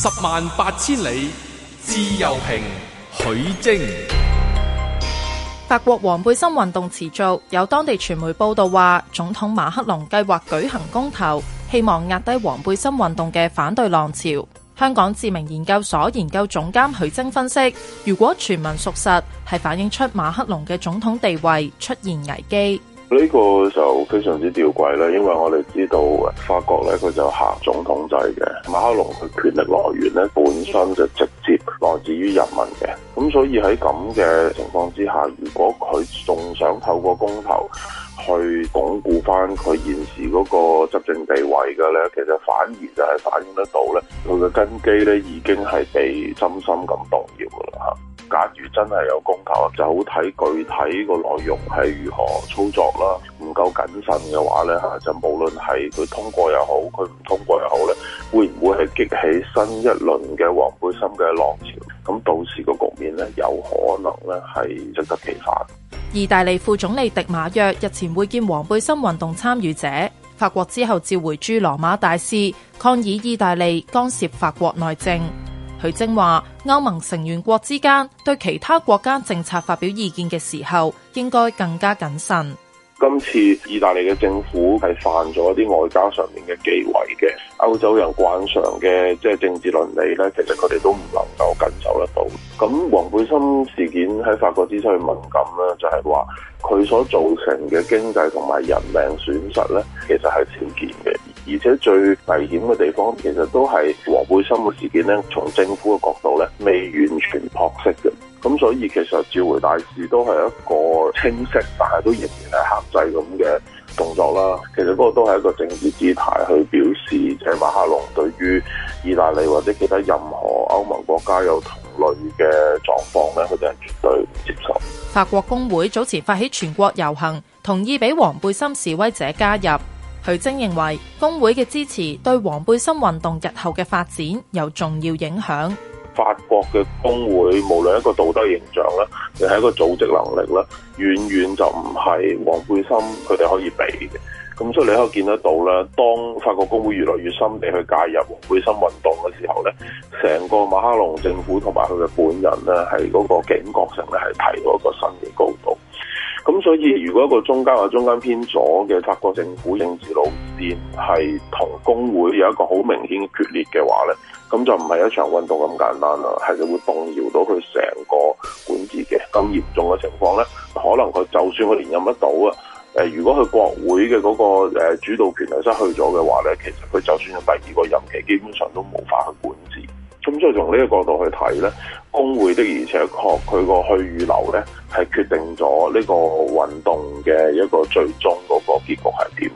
十萬八千里自由評，許楨。法國黃背心運動持續，有當地傳媒報道話，總統馬克龍計劃舉行公投，希望壓低黃背心運動嘅反對浪潮。香港智明研究所研究總監許楨分析，如果傳聞屬實，係反映出馬克龍嘅總統地位出現危機。呢個就非常之吊詭咧，因為我哋知道法國咧，佢就行總統制嘅，馬克龍佢權力來源咧本身就直接來自於人民嘅，咁所以喺咁嘅情況之下，如果佢仲想透過公投去鞏固翻佢現時嗰個執政地位嘅咧，其實反而就係反映得到咧，佢嘅根基咧已經係被深深咁動搖噶啦吓。假如真係有供求，就好睇具體個內容係如何操作啦。唔夠謹慎嘅話咧吓，就無論係佢通過又好，佢唔通過又好咧，會唔會，係激起新一輪嘅黃背心嘅浪潮？咁到時個局面咧，有可能咧適得其反。意大利副總理迪馬約日前會見黃背心運動參與者，法國之後召回駐羅馬大使，抗議意大利干涉法國內政。佢正話：歐盟成員國之間對其他國家政策發表意見嘅時候，應該更加謹慎。今次意大利嘅政府係犯咗一啲外交上面嘅忌諱嘅，歐洲人慣常嘅即係政治倫理咧，其實佢哋都唔能夠謹守得到。咁黃背心事件喺法國之所以敏感咧，就係話佢所造成嘅經濟同埋人命損失咧，其實係少見嘅。而且最危險嘅地方，其實都係黃背心嘅事件呢，從政府嘅角度呢，未完全撲熄嘅。咁所以其實召回大使都係一個清晰，但係都仍然係限制咁嘅動作啦。其實嗰個都係一個政治姿態去表示即係馬克龍對於意大利或者其他任何歐盟國家有同類嘅狀況呢，佢哋係絕對唔接受。法國工會早前發起全國遊行，同意俾黃背心示威者加入。許楨認為工會嘅支持對黃背心運動日後嘅發展有重要影響。法國嘅工會無論一個道德形象啦，定係一個組織能力啦，遠遠就唔係黃背心佢哋可以比嘅。咁所以你可以見得到咧，當法國工會越嚟越深地去介入黃背心運動嘅時候咧，成個馬克龍政府同埋佢嘅本人咧，係嗰個警覺性咧係提到一個新嘅高度。咁所以，如果一個中間或中間偏左嘅法國政府政治路線係同工會有一個好明顯嘅決裂嘅話咧，咁就唔係一場運動咁簡單啦，係就會動搖到佢成個管治嘅。咁嚴重嘅情況咧，可能佢就算佢連任得到啊，誒如果佢國會嘅嗰個誒主導權係失去咗嘅話咧，其實佢就算有第二個任期，基本上都無法去管治。咁所以從呢個角度去睇咧，工會的而且確佢個去與留咧，係決定咗呢個運動嘅一個最終嗰個結局係點。